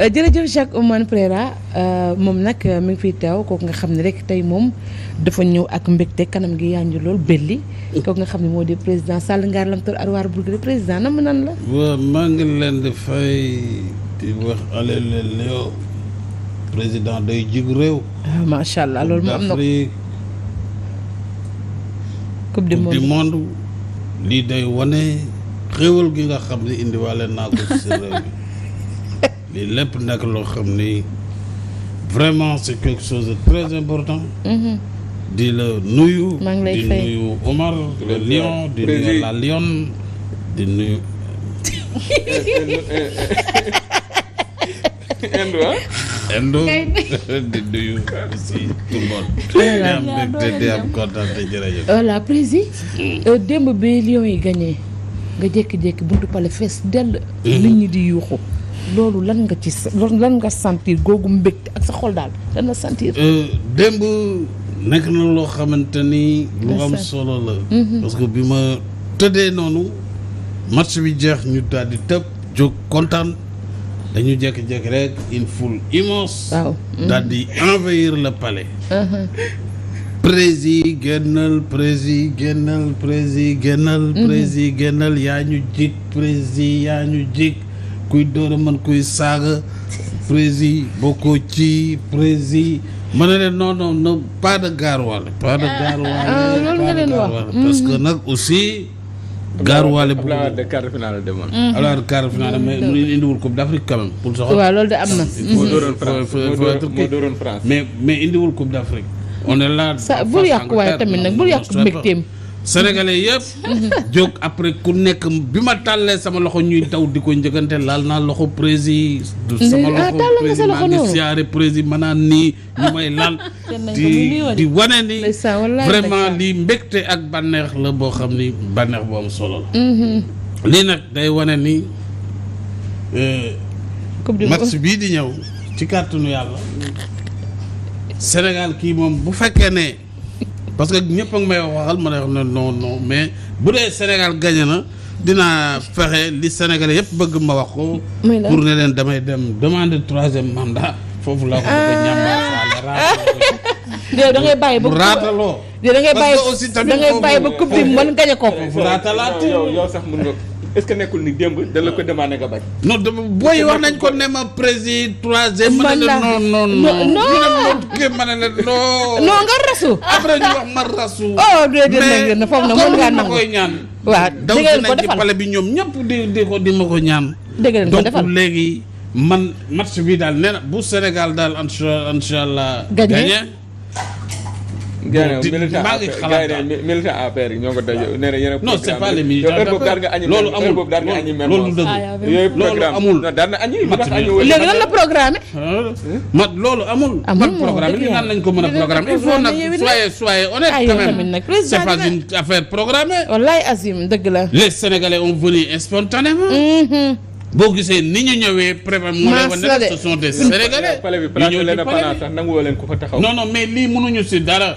Euh, jërëjëf Jacques Oumane Préra euh, moom nag euh, mu ngi fiy teew kooku nga xam ne rek tey moom dafa ñëw ak mbégte kanam gi yànju lool belli kooku nga xam ne moo de président Sall Ngaar Lamtoor Arwaar Bourgre président nam nan la. waaw maa ngi leen di fay di wax allé leen yow président day jig réew. waaw ah, macha allah loolu moom am na coupe du monde coupe du monde lii day wane xéwal gi nga xam ne indiwaale naa ko si réew mi. lii lépp nag loo xam ni vraiment c'est quelque chose de très important. Mhm. di la nuyu. di nuyu Omar. le lion di nuyu di nuyu. Endo di nuyu aussi tout le monde. Oh oh euh, démb bi lion yi gagné nga jékki-jékki buntu pale fees dell. Mhm. nit ñi di yuuxu. loolu lan nga ci lan nga sentir googu mbégte ak sa xol daal lan la sentir. Euh, démb nekk na loo xamante ni. lu am solo la. Mm-hmm. parce que bi ma tëddee noonu match bi jeex ñu daal di tëb jog kontaan dañu jékki-jékki rek une foule immense. waaw mm-hmm. daal di envahir le palais. Uh-huh. prési génnal prési génnal prési mm-hmm. génnal yaa ñu jig prési yaa ñu jig kuy dóora kuy saaga prési bokkoo ci prési ma ne leen non non non pas de gaarwaale pas de gaarwaale ah, ah, loolu nga leen wax parce que mhm. nag aussi gaarwaale bu la de quart final demoon mhm. alors quart final mais mhm. mu indiwul coupe d'Afrique quand même pour soxla waaw loolu de am na moo dooroon France moo dooroon France mais indiwul coupe d'Afrique on est là sa bul waaye tamit nag bul yàq mbégteem sénégalais yëpp jóg après ku nekk bi ma tàllee sama loxo ñuy daw di ko njëkkante laal naa loxo prési sama ah, loxo prési maa ngi siyaare prési ma naan nii ñu may laal di di wane ni vraiment lii mbégte ak bànneex la boo xam ni bànneex bu am mm-hmm. nag day wane ni eh, match bii di ñëw ci kàttanu yàlla Sénégal kii moom bu fekkee ne parce que ñëpp a ngi waxal ma lay wax ne non non mais bu dee Sénégal gagné na dina fexe li Sénégalais yëpp bëgg ma wax ko. pour ne leen damay dem demander troisième mandat foofu la ko bëgg a ah. ñàmbaale déedéet da ngay bàyyi ba. mu raataloo. parce que aussi tamit da ngay bàyyi yow sax mën nga. est-ce que nekkul ni démb dañ la ko demandé nga bañ. non booy wax nañ ko ne ma président man la non non nga rasu. après ñu wax ma rasu. oh déedéet na foofu nag mën ngaa nangu koy ñaan. waaw dégg ngeen ko defal bi ñoom ñëpp di di ko di ma ko ñaan. dégg ko defal léegi man match bi daal nee na bu Sénégal daal incha incha allah. gagné maa ngi xalaat daal militant APR yi ñoo ko daje nee na yéen a non c'est pas les militants loolu amul loolu dëgg loolu ah, amul mat loolu amul man programme li nan lañ ko mën a programme il ah, c'est pas une affaire programmée wallaay Azim dëgg la les Sénégalais ont venu spontanément mm-hmm. boo gisee ni ñu ñëwee prépa mu ne woon ne ce sont des Sénégalais ñu ñëw ci pale bi sax nanguwoo leen ko fa taxaw non non mais lii mënuñu ci dara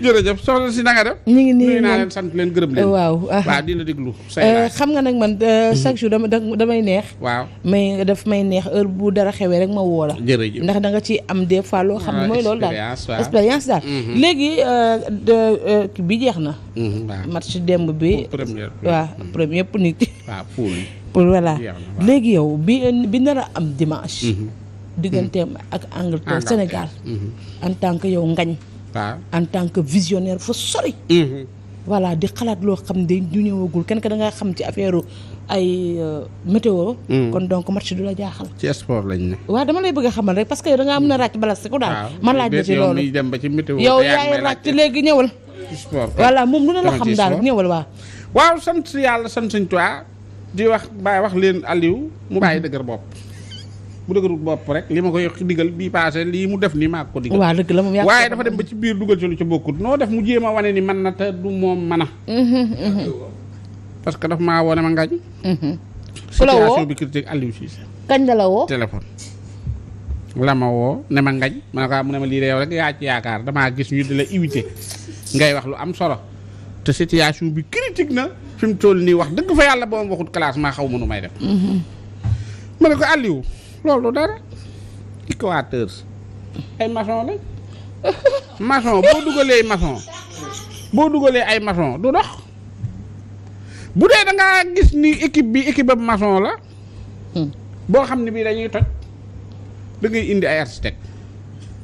jërëjëf soxna si nanga ñu ngi nuyu naa leen sant leen gërëm leen. waaw waaw di déglu. Euh, xam nga nag man euh, mhm. chaque jour damay neex. waaw mais daf may neex heure bu dara xewee rek ma woo la. jërëjëf ndax danga ci am des fois loo xam ne ah, mooy loolu daal expérience daal. Mhm. léegi euh, bi jeex na. Mhm, waaw match démb bi. première waaw première pour nit. waaw léegi yow bi bi nar a am dimanche. digganteem ak Angleterre Sénégal. en tant que yow ngañ. en tant que visionnaire fa sori mhm. voilà di xalaat loo xam ne du ñëwagul kenn ka da nga xam ci affaire ay euh, météo mhm. kon donc match du la jaaxal ci sport lañ ne waa dama lay bëgg a xamal rek parce que yow da mën a ràcc bala si ko daal man laaj na ci loolu yow yaay ràcc léegi ñëwal sport voilà moom lu ne la xam daal ñëwal waa waaw sant yàlla sant suñ toi di wax bàyyi wax leen Aliou mu bàyyi dëgër bopp bu dëgërul bopp rek li ma koy digal bii passé lii mu def nii maa ko digal. waaw dëgg la moom waaye dafa dem ba ci biir dugal ci lu ci bokkut noo def mu jéem a wane ni man na te du moom mën a. Mhm, mhm. parce que daf maa woo ma ngañ. Mhm. ku la woo situation la woo téléphone. la ma ngañ ma ko ah, mu ne ma lii de rek yaa ci yaakaar damaa gis ñu di la invité ngay wax lu am solo te situation bi critique na fi mu toll nii wax dëgg fa yàlla boo ma waxut classement xaw ma nu may def. ma ne ko Aliou. loolu dara équateur ay maçon lañ maçon boo dugalee maçon boo dugalee ay maçon du dox bu dee da ngaa gis ni équipe bi équipe ab maçon la boo xam ne bii dañuy toj dangay indi ay architecte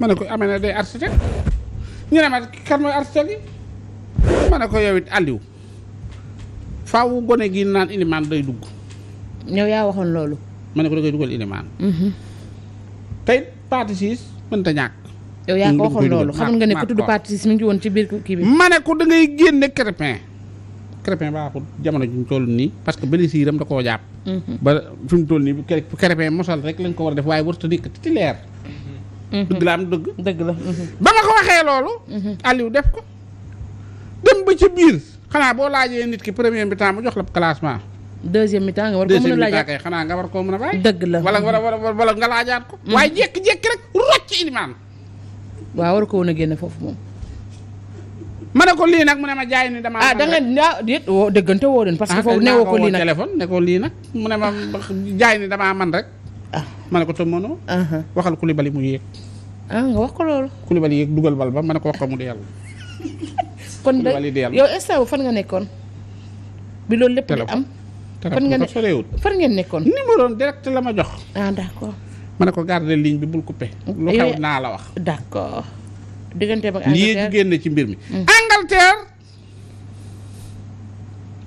ma ne ko amee na day architecte ñu ne ma kan mooy architecte yi ma ne ko yow it Aliou gone gi naan ilimaan day dugg ñëw yaa waxoon loolu ma ne ko da koy dugal ilimaan mhm. tey parti siis mënta ñàkk yaa ko waxoon loolu xamoon nga ne ku tudd parti siis mi ci biir kii bi ma ne ko da ngay génne crépin crépin baaxul jamono ji ñu nii parce que bëli siiram da koo jàpp mhm. ba fi mu toll nii crépin mosal rek lañ ko war a def waaye warut a dikk ci leer mhm. dëgg la am dëgg dëgg la ba ma ko waxee loolu Aliou def ko dem ba ci biir xanaa boo laajee nit ki premier mi temps mu jox la classement deuxième mi-temps nga war ko mën a war koo a bàyyi. dëgg la wala wala nga laajaat ko. Mm. waaye jekk jékki rek rocc ilimaan. waaw war ko woon a génne foofu moom. ma ne ko lii nag mu ne ma jaay ni damaa. ah da nga ah, woo dëggante woo leen. parce ah, lii nag téléphone ne ko lii nag mu ne jaay ni damaa man rek. ah ma ne ko te mënoo. Uh-huh. waxal Koulibaly mu yéeg. ah nga wax ko loolu. Koulibaly yéeg dugal bal ba ma ne ko wax ko mu di yàlla. kon de yow instant nga nekkoon. bi loolu lépp di am fan nga ne fan ngeen nekkoon. numéro direct la ma jox. ah d' accord. ma ne ko garder ligne bi bul kuppe lu eh, xew naa la wax. d' accord. diggante ba Angleterre ci mbir mi. Hmm. Angleterre.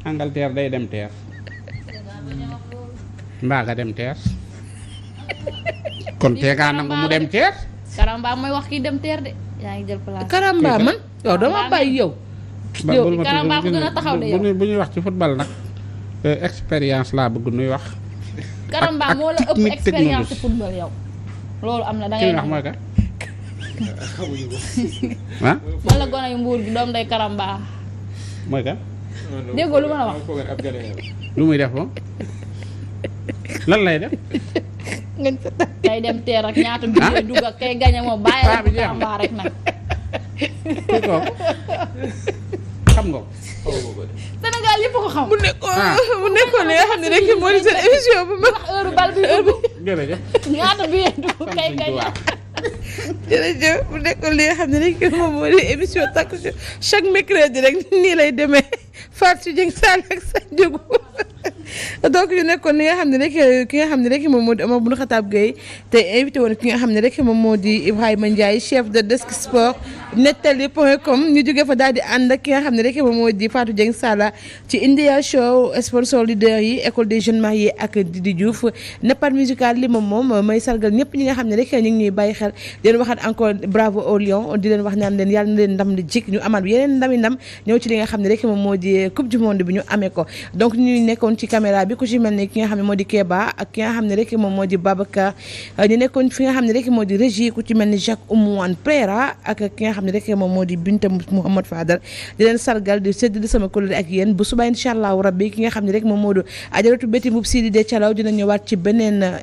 Angleterre day dem teer. mbaa nga dem teer. kon teegaa nangu mu dem teer. karamba mooy wax kii dem teer de. yaa ngi jël place karamba man. yow dama bàyyi yow. yow karamba ku bu ñuy wax ci football nag. Euh, expérience laa bëgg nuy wax. Karamba moo la ëpp expérience football yow. loolu am na da ngay wax mooy kat. ah. man la gone yu mbuur gi doom day Karamba. mooy kat. déggoo lu ma la wax. lu muy def moom lan lay def. kay dem teer ak ñaata bi dugg ak kay gañe moom bàyyi rek nag. xam nga ko. xaw mu nekkoon mu nekkoon li nga xam ne rek moo di seen émission bu mag. heure bal bi jërëjëf. ñaata bi kay kay. jërëjëf mu nekkoon li nga xam ne rek moom moo di émission takku chaque mercredi rek nii lay demee Fatou Dieng Sall ak Sadio donc ñu nekkoon li nga xam ne rek ki nga xam ne rek moom moo di Omar Boun Khatab Gueye te invité woon ki nga xam ne rek moom moo di Ibrahima Ndiaye chef de desk sport. nettali point com ñu jóge fa daal di ànd ki nga xam ne rek moom moo di Fatou Dieng Sala ci India show sponsor leader yi école des jeunes mariés ak Didi Diouf Nepad musical li moom moom may sargal ñëpp ñi nga xam ne rek ñu ngi ñuy bàyyi xel di leen waxaat encore bravo au lion di leen wax naan leen yàlla na leen ndam li jik ñu amaat yeneen ndami ndam ñëw ci li nga xam ne rek moom moo di coupe du monde bi ñu amee ko donc ñu nekkoon ci caméra bi ku ci mel ne ki nga xam ne moo di Keba ak ki nga xam ne rek moom moo di Babacar ñu nekkoon fi nga xam ne rek moo di régie ku ci mel ni Jacques Oumouane Prera xam ne rek moom moo di Binta Mouhamad Fadal di leen sargal di sedd sama kóllëre ak yéen bu suba incha allahu rabbi ki nga xam ne rek moom moo di ajaratu béti mub si di dee calaw dina ñëwaat ci beneen eh,